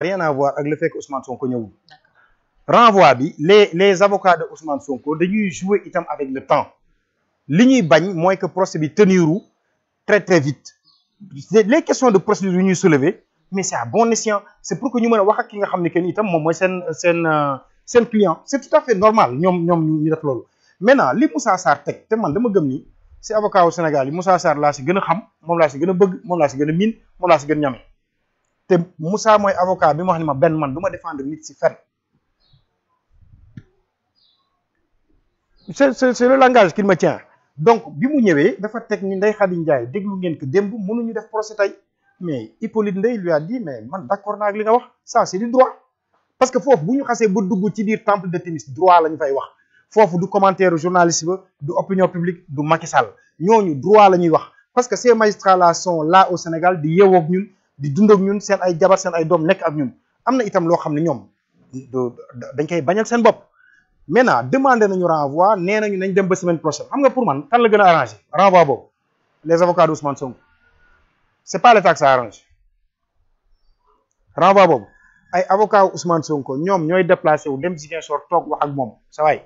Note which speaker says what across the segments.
Speaker 1: rien à voir ak le fait que Ousmane Sonko ñëwul renvoi bi les les avocats de Ousmane Sonko dañuy jouer itam avec le temps li ñuy bañ mooy que procès bi teniru très très vite les questions de procédure yu ñuy soulever mais c'est à bon escient c'est pour que ñu mën a wax ak ki nga xam ne que ni itam moom mooy seen seen euh, seen client c'est tout à fait normal ñoom ñoom ñu def loolu maintenant li Moussa Sarr teg te man dama gëm ni si avocat wu Sénégal yi Moussa Sarr laa si gën a xam moom laa si gën a bëgg moom laa gën a miin moom laa te Moussa mooy avocat bi ma wax ne ma benn man du ma défendre nit si fen c'est c'est le langage qui me donc bi mu ñëwee dafa teg ni Ndeye Khady Ndiaye déglu ngeen ko démb mënuñu def procès tey mais Hippolyte Ndeye lui a dit mais man d'accord naa ak li nga wax saa c'est du droit parce que foofu bu ñu xasee ba dugg ci biir temple de Thémis droit la ñu fay wax foofu du commentaire journaliste ba du opinion publique du Macky Sall ñooñu droit la ñuy wax parce que ces magistrats là sont là au Sénégal di yeewoog ñun di dund ñun seen ay jabar seen ay doom nekk ak ñun am na itam loo xam ne ñoom dañ koy bañal seen bopp maintenant demande nañu renvoi nee nañu nañ dem ba semaine prochaine xam nga pour man kan la gën a arrangé renvoi boobu les avocats de sonk Sonko c'est pas l'état que ça arrange renvoi boobu ay avocats Ousmane Sonko ñoom ñooy déplacé wu dem Ziguinchor toog wax ak moom sa waay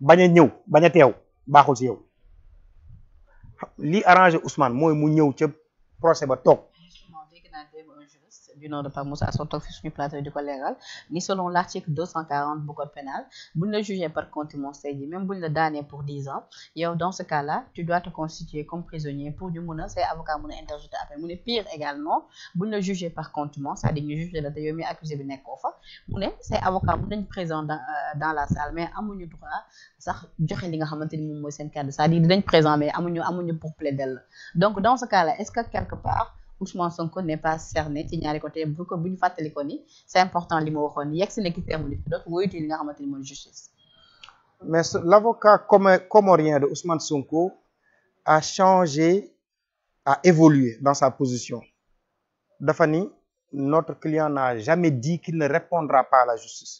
Speaker 1: bañ ñëw bañ a teew baaxul si yow lii arrangé Ousmane mooy mu ñëw ca. procès ba toog
Speaker 2: du nom de Pape Moussa Sow toog fi suñu plateau di ko leeral ni selon l'article bu code pénal buñ la jugé par contumace comme prisonnier pour ñu mun a say avocat mun a interjeter appel mu ne pire également buñ la jugé par contumace c'est-à-dire la te yow mi accusé bi nekkoo fa mu ne say avocat mun nañ présent euh, dans la salle mais amuñu droit sax joxe li nga xamante ni moom mooy seen cadre c'est-à-dire présent mais amuñu pour plaider la donc dans ce Ousmane Sonko n'est pas cerné ci ñaari côté bu ko bu ñu fàttali ko c'est important li ma waxoon yegg si nekk terme li dootu woyuti li nga xamante ni mooy justice
Speaker 1: mais l'avocat comorien de Ousmane Sonko a changé a évolué dans sa position dafa ni notre client n'a jamais dit qu'il ne répondra pas à la justice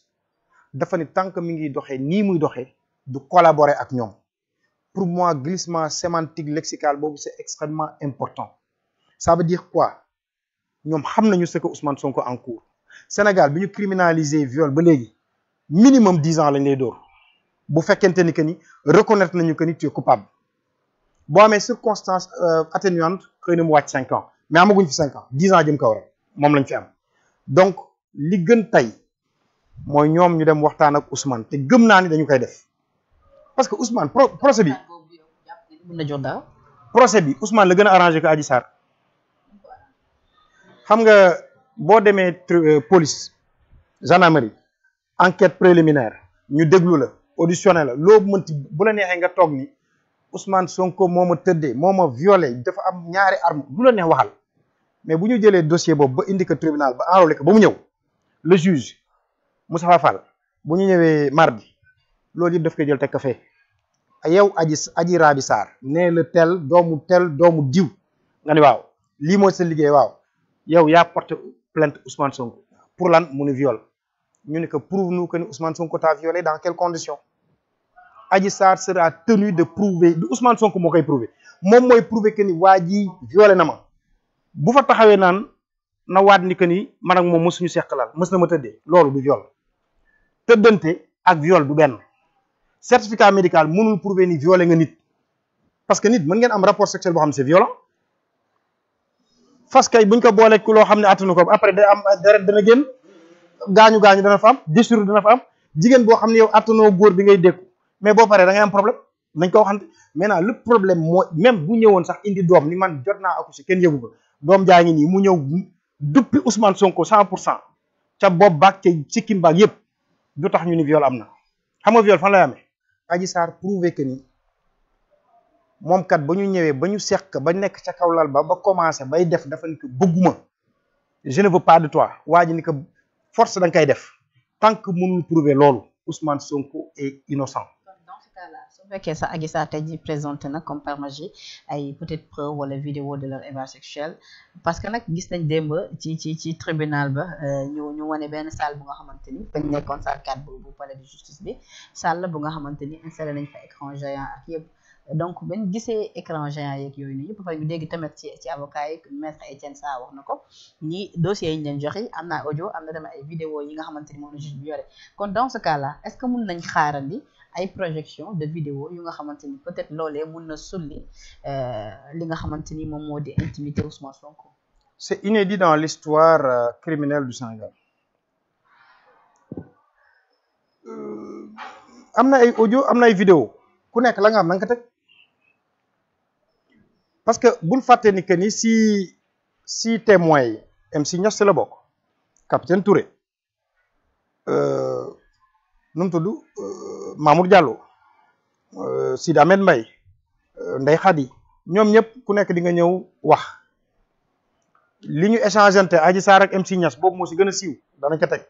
Speaker 1: dafa ni tant que mi ngi doxee nii muy doxee du collaborer ak ñoom pour moi glissement sémantique lexical boobu c'est extrêmement important ça veut dire quoi ñoom xam nañu ce que Ousmane Sonko en cours Sénégal bi ñu criminaliser viol ba léegi minimum dix ans lañ lay door bu fekkente ni que ni reconnaître nañu que ni tu es coupable boo amee circonstance euh, atténuante xëy na mu wàcc cinq ans mais amaguñ fi cinq ans dix ans jëm kaw rek moom lañ fi am donc li gën tey mooy ñoom ñu dem waxtaan ak Ousmane te gëm naa ni dañu koy def parce que Ousmane procès bi. mën na jox daaw procès bi Ousmane la gën a arrangé ko Adji Sarr xam nga boo demee euh, police gendarmerie enquête préliminaire ñu déglu la auditionné la loo mënti bu la neexee nga toog ni Ousmane Sonko moo ma tëddee moom ma violé dafa am ñaari arme lu la neex waxal mais bu ñu jëlee dossier boobu ba indi ko tribunal ba enrôlé ko ba mu ñëw le juge Moustapha Fall bu ñu ñëwee mardi loolu yëpp daf koy jël teg ko fee yow aji aji Rabi Sarr nee la tel doomu tel doomu diw nga ni waaw lii mooy sa liggéey waaw yow yaa porté plainte Ousmane Sonko pour lan mu ni viol ñu ne que prouve nous que ni Ousmane Sonko t'a violé dans quelles conditions Adji Sarr sera tenu de prouver du Ousmane Sonko moo koy prouver moom mooy prouver que ni waa ji violé na ma bu fa taxawee naan na waat ni que ni man ak moom mësuñu seqalal mës na ma tëddee loolu du viol tëddante ak viol du benn certificat médical mënul prouver ni violé nga nit parce que nit mën ngeen am rapport sexuel boo xam ne c'est violent fas kay buñ ko booleeg ku loo xam ne attanu ko après day am deret dana génn gaañu gaañu dana fa am déchirure dana fa am jigéen boo xam ne yow attanoo góor bi ngay dékku mais boo paree da am problème nañ ko waxante maintenant le problème moo même bu ñëwoon sax indi doom ni man jot naa accouché kenn yëgu ko doom jaa ngi nii mu ñëw duppi Ousmane Sonko 100 pour cent ca bopp baag ca sikkim baag yëpp du tax ñu ni viol am na xam nga viol fan lay amee Adji Sarr prouvé moom kat ba ñu ñëwee ba ñu seq ba nekk ca kaw lal ba ba commencé bay def dafa ni ko bëgguma je ne veux pas de toi waa ji ko force da nga koy def tant que mënul prouver loolu Ousmane Sonko est innocent.
Speaker 2: su fekkee sax Agisa tey présenté na comme par magie ay peut être preuve wala vidéo de leur élevage sexuel parce que nag gis nañ démb ci ci ci tribunal ba euh, ñu ñu wane benn salle bu nga xamante ni bañ nekkoon salle 4 bu bu palais de justice bi salle bu nga xamante ni installé nañ fa ak yëpp. donc ben gisee écran géant yeeg yooyu yëpp fa ñu dégg tamit ci ci avocat yi maître Etienne Sarr wax na ko ni dossiers yi ñu leen joxe am na audio am na tamit ay vidéo yi nga xamante ni moom la juge bi yore kon dans ce cas là est ce que mun nañ xaarandi ay projection de vidéo yu nga xamante ni peut être loolee mun na sulli euh, li nga xamante ni moom moo di intimité Ousmane Sonko.
Speaker 1: c' est inédit dans l'histoire euh, criminelle du Sénégal euh, am na ay audio am na ay vidéo ku nekk la nga xam na parce que bul fàtte ni que ni si si témoins yi MC Niass la bokk capitaine toure euh, nu mu tudd euh, Mamour Diallo euh, Sidi Ahmed Mbaye Ndeye Khady ñoom ñëpp ku nekk di nga ñëw wax li ñu échangeante Adji Sarr ak MC Niass boobu moo si gën a siiw dana ca teg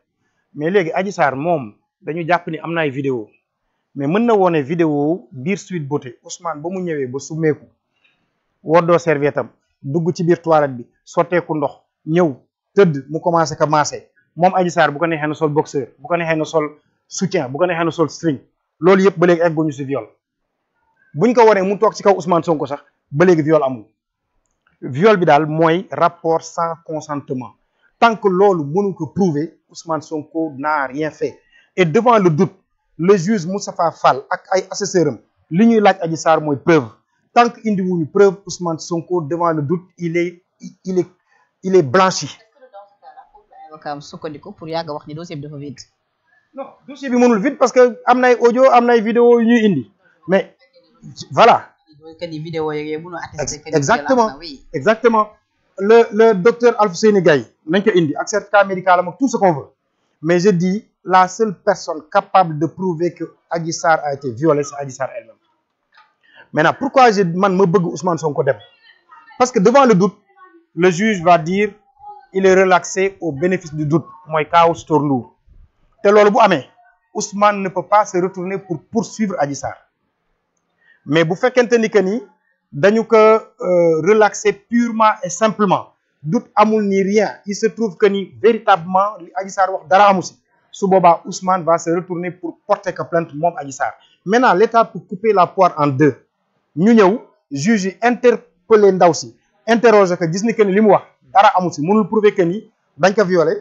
Speaker 1: mais léegi Adji sar moom dañu jàpp ni am na ay vidéo mais mën na woone vidéo biir Sweet Beauté Ousmane ba mu ñëwee ba sumeeku woddoo serviette am dugg ci biir toilette bi sotteeku ndox ñëw tëdd mu commencé ka maase moom Adji Sarr bu ko neexee na sol boxeur bu ko neexee na sol soutien bu ko neexee na sol string loolu yëpp ba léegi egguñu si viol buñ ko waree mu toog ci kaw Ousmane Sonko sax ba léegi viol amul viole bi daal mooy rapport sans consentement tant que loolu mënu ko prouver Ousmane Sonko n'a rien fait et devant le doute le juge Moustapha Fall ak ay assesseur am li ñuy laaj Adji Sarr mooy preuve tant que indi wuñu preuve son Sonko devant le doute il est blanchi.
Speaker 2: sukkandiku pour yàgg wax ni dossier bi dafa vide. non
Speaker 1: dossier bi mënul vide parce que am nay audio am nay vidéo ñuy indi mais voilà. exactement exactement le le docteur Alfousseyni Gaye nañ ko indi ak certificat médical am ak tout ce qu'on mais je dis la seule personne capable de prouver que Adji a été violée c'est Adji Sarr maintenant pourquoi je man ma bëgg Ousmane Sonko dem parce que devant le doute le juge va dire il est relaxé au bénéfice du doute mooy kaaw storndour te loolu bu amee Ousmane ne peut pas se retourner pour poursuivre Adji Sarr mais bu fekkente ni que ni dañu ko euh, relaxer purement et simplement doute amul ni rien il se trouve que ni véritablement li Adji Sarr wax dara amu si su boobaa Ousmane va se retourner pour porter ko plainte moom Adji Sarr l'État peut couper la poire en ñu ñëw juge yi interpellé ndaw si interroger ko gis ni que ni li mu wax dara amu si mënul prouver que ni dañ ko violé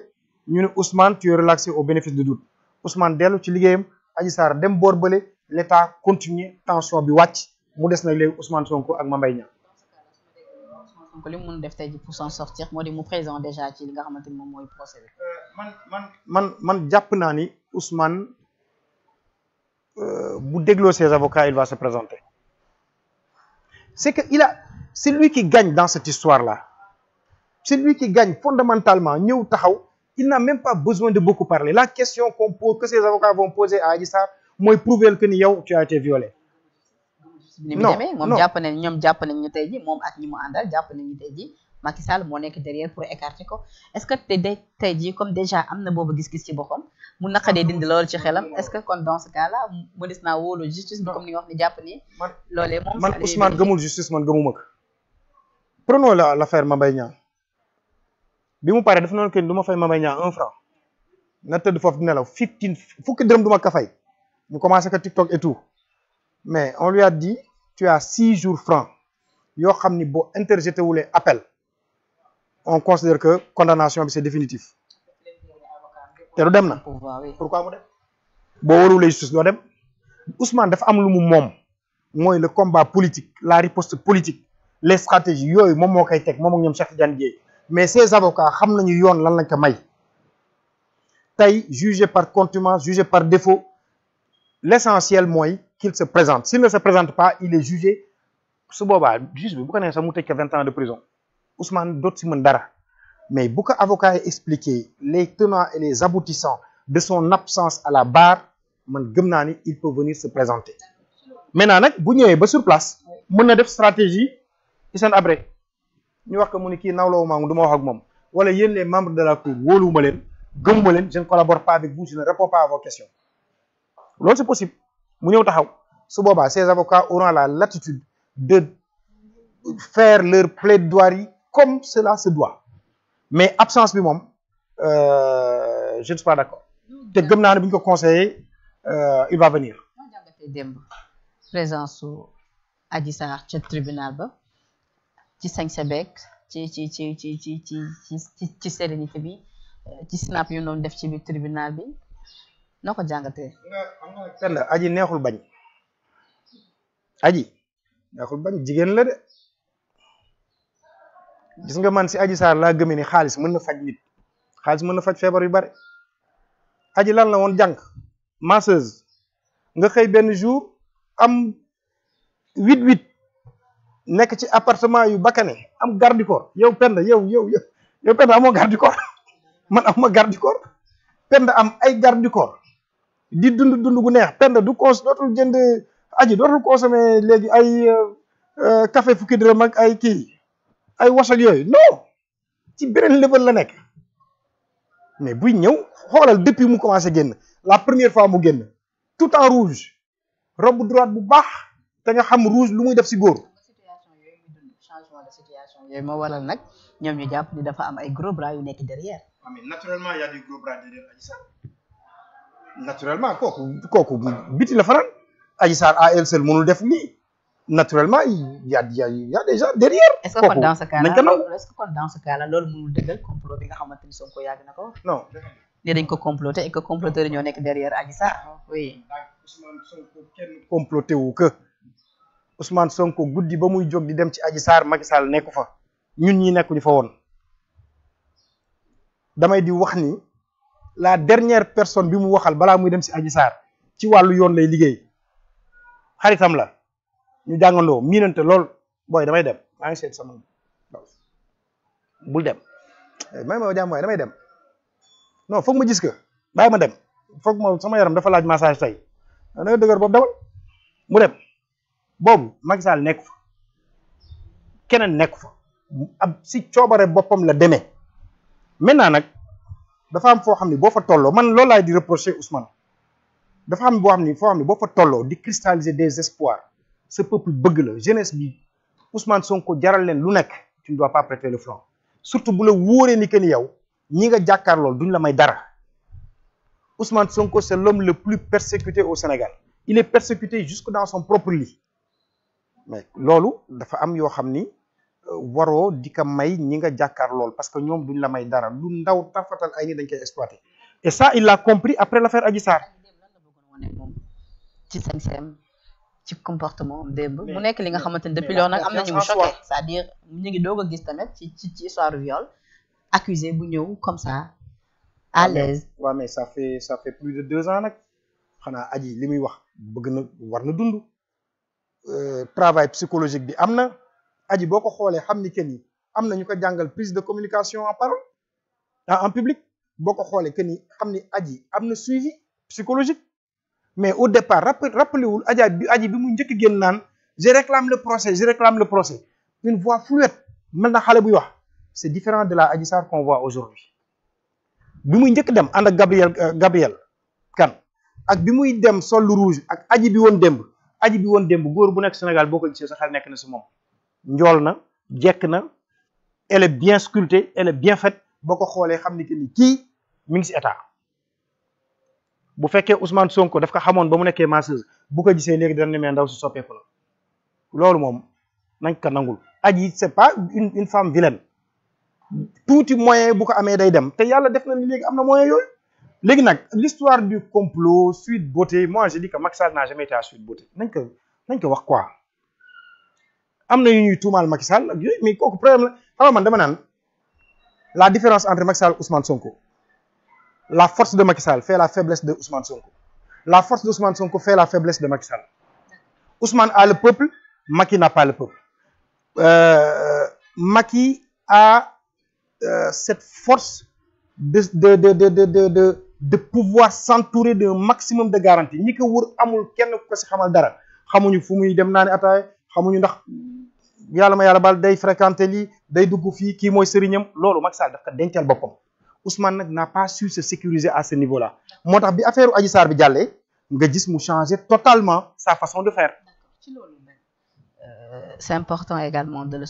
Speaker 1: ñu ne Ousmane tu es relaxé au bénéfice du doute Ousmane dellu ci liggéeyam Adji Sarr dem boor bële l' état continuer tension bi wàcc mu des nag léegi Ousmane Sonko ak Mame Mbaye Niang
Speaker 2: donc li mu def tey ji pour s'en sortir moo di mu présent déjà ci li nga xamante ni moom mooy
Speaker 1: procès bi euh, man man jàpp naa ni Ousmane euh, bu dégloo ses avocats il va se présenter c'est que il a c'est lui qui gagne dans cette histoire-là c'est lui qui gagne fondamentalement ñëw taxaw il n'a même pas besoin de beaucoup parler la question qu'on pose que ces avocats vont poser à Adji mooy prouver que ni yow tu as été violé ni mu demee moom jàpp
Speaker 2: nañ ñoom jàpp nañ ñu tey ji moom ak ñi mu àndal jàpp nañ ñu tey ji Macky Sall moo nekk derrière pour écarter ce que tey jii comme déjà am na boobu gis-gis ci boppam mu naqadee dindi loolu ci xelam est-ce que kon dans ce cas là mu des naa wóolu justice bi comme ni man Ousmane gëmul
Speaker 1: justice man gëmuma ko prenons la l'affaire Mame mu paree dafa noonu du ma fay Mame un na tëdd foofu di nelaw fifteen fukki dërëm du ma ko commencé ko TikTok et tout mais on lui a dit tu as jours francs yoo xam ni boo interjeté wulee appel on considère que condamnation bi c'est définitif te du dem na pourquoi mu dem boo warulee justice doo dem Ousmane dafa am lu mu moom mooy le combat politique la riposte politique les stratégies yooyu moom moo koy teg moom ak ñoom Cheikh Tidiane Dièye mais ces avocats xam nañu yoon lan lañ ko may tey jugé par contumace jugé par défaut l'essentiel mooy qu'il se présente s'il ne se présente pas il est jugé su boobaa juge bi bu ko nee sax mu tëj ko vingt ans de prison Ousmane doot si mën dara mais bu ko avocat yi expliquer les tenants et les aboutissants de son absence à la barre man gëm naa ni il peut venir se présenter maintenant nag bu ñëwee ba sur place mën na def stratégie ci seen abré ñu wax ko mu ni kii nawlawu maa du ma wax ak moom wala yéen les membres de la cour wóoluwuma leen gëmuma leen je ne collabore pas avec vous je ne réponds pas à vos questions loolu c'est possible mu ñëw taxaw su boobaa ces avocats auront la latitude de faire leur plaidoirie comme cela se doit mais absence bi moom euh, je ne suis pas d'accord te gëm naa ne bu ko conseillé euh, il va venir.
Speaker 2: présence su aji Sarr ca tribunal ba ci sañse beeg ci ci ci ci ci ci ci ci sérénité bi euh, ci sinap yu noonu def ci biir tribunal bi noo ko jàngatee.
Speaker 1: nga aji neexul bañ aji neexul bañ jigéen la de. gis nga man si aji saar laa gëmee ni xaalis mën na faj nit xaalis mën na faj feebar yu bare aji lan la woon jànq masseuse nga xëy benn jour am huit huit nekk ci appartement yu bakkane am garde corps yow penda yow yow yow yow penda amoo garde corps man amuma garde am ay garde di dund dund gu neex penda du cons dootul jënd aji dootul consommer léegi ay euh, euh, café fukki dërëm ak ay kii ay wasak yooyu non ci beneen level la nekk mais buy ñëw xoolal depuis mu commencé génn la première fois mu génn tout en rouge robe droite bu baax te nga xam rouge lu muy def si góor. changement de situation
Speaker 2: yooyu moo waral nag ñoom ñu jàpp ni dafa am ay gros bras yu nekk derrière.
Speaker 1: Ah, mais naturellement y a des gros kooku kooku biti la faral Adji Sarr à elle seule def nii. naturellement il y a a il y a déjà derrière. est-ce que kon
Speaker 2: bi nga xamante ni Sonko yàgg na ko wax. non ko comploté que comploteur ñoo nekk derrière Adji
Speaker 1: Sarr oui. comploté wu que Sonko guddi ba muy jóg di dem ci Adji Sarr Macky Sall nekku fa ñun ñi nekkuñu fa woon damay di wax ni la dernière personne bi mu waxal balaa muy dem si Adji Sarr ci wàllu yoon lay liggéey xaritam la. ñu jàngandoo miinante lool booy damay dem maa ngi dem eh, may ma jàmm waaye damay dem non foog ma gis ko bàyyi ma dem foog ma sama yaram dafa laaj massage tey da nga dëgër boobu dawal mu boobu Macky Sall nekk fa keneen nekk fa ab si coobare boppam la demee maintenant nag dafa am foo xam ne boo fa tolloo man loolu laay di reprocher Ousmane dafa am boo xam ne foo xam ne boo fa tolloo di cristalliser des espoirs ce peuple bëgg la jeunesse bi Ousmane Sonko jaral leen lu nekk tu ne dois le flanc surtout bu la wóoree ni que ni yow ñi nga jàkkaarloo duñ la may dara Ousmane Sonko c'est l'homme le plus persécuté au Sénégal il est persécuté jusque dans son propre lit mais loolu dafa am yoo xam ni euh, waroo di ko may ñi nga jàkkaar lool parce que ñoom duñ la may dara lu ndaw tarfatal ay nit dañ koy exploité et ça il l'a compris après l'affaire Adji Sarr
Speaker 2: ci ci comportement am démb mu nekk li nga xamante ni depuis loolu nag am nañu mu choqué cest dire ñu ngi doog a gis tamit ci ci ci histoire viol accusé bu ñëw comme sa
Speaker 1: à ah, l'aise waaw mais ça fait ça fait plus de deux ans nag xanaa aji li muy wax bëgg na war na dund euh, travail psychologique bi am na aji boo ko xoolee xam ni kenn yi am na ñu ko jàngal prise de communication en parole en public boo ko xoolee kenn yi xam ni aji am na suivi psychologique mais au départ rappelé wul aja bi aji bi mu njëkk génn naan je réclame le procès je réclame le procès une voix fluette mel na xale buy wax c'est différent de la Adji Sarr qu'on voit aujourd'hui bi muy njëkk dem ànd ak Gabriel euh, Gabriel kan ak bi muy dem sol lu rouge ak aji bi woon demb aji bi woon demb góor bu nekk Sénégal boo ko gisee sa nekk na si moom njool na jekk na elle est bien sculptée elle bien faite boo ko xoolee xam ni que ni kii mi si état bu fekkee Ousmane Sonko daf ko xamoon ba mu nekkee masseuse bu ko gisee léegi dana ne mais ndaw si soppeeku la loolu moom nañ ko nangul aji c'est pas une une femme vilaine tuuti moyen bu ko amee day dem te yàlla def na ni léegi am na moyen yooyu léegi nag l'histoire du complot Sweet Beauté moi je dis que Macky Sall n'a jamais été à Sweet nañ ko nañ ko wax quoi am na yu ñuy tuumaal Macky ak yooyu mais kooku problème la xam man dama naan la différence entre Macky Sall Ousmane Sonko la force de Macky Sall fait la faiblesse de Ousmane Sonko la force d'Ousmane Sonko fait la faiblesse de Macky Sall Ousmane a le peuple Macky n'a pas le peuple euh, Macky euh, cette force de de de de de de de, de pouvoir s'entourer d'un maximum de garanties ñi ko wër amul kenn ku ko si xamal dara xamuñu fu muy dem naa ne ataay xamuñu ndax yàlla ma yàlla baal day fréquenté lii day dugg fii kii mooy sëriñam loolu Macky Sall daf ko dencal boppam Ousmane nag n'a pas su se sécuriser à ce niveau là moo tax bi affaire Adji Sarr bi jàllee nga gis mu changer totalement sa façon de faire. D'accord, ci loolu nag
Speaker 2: euh, c'est
Speaker 1: important également de le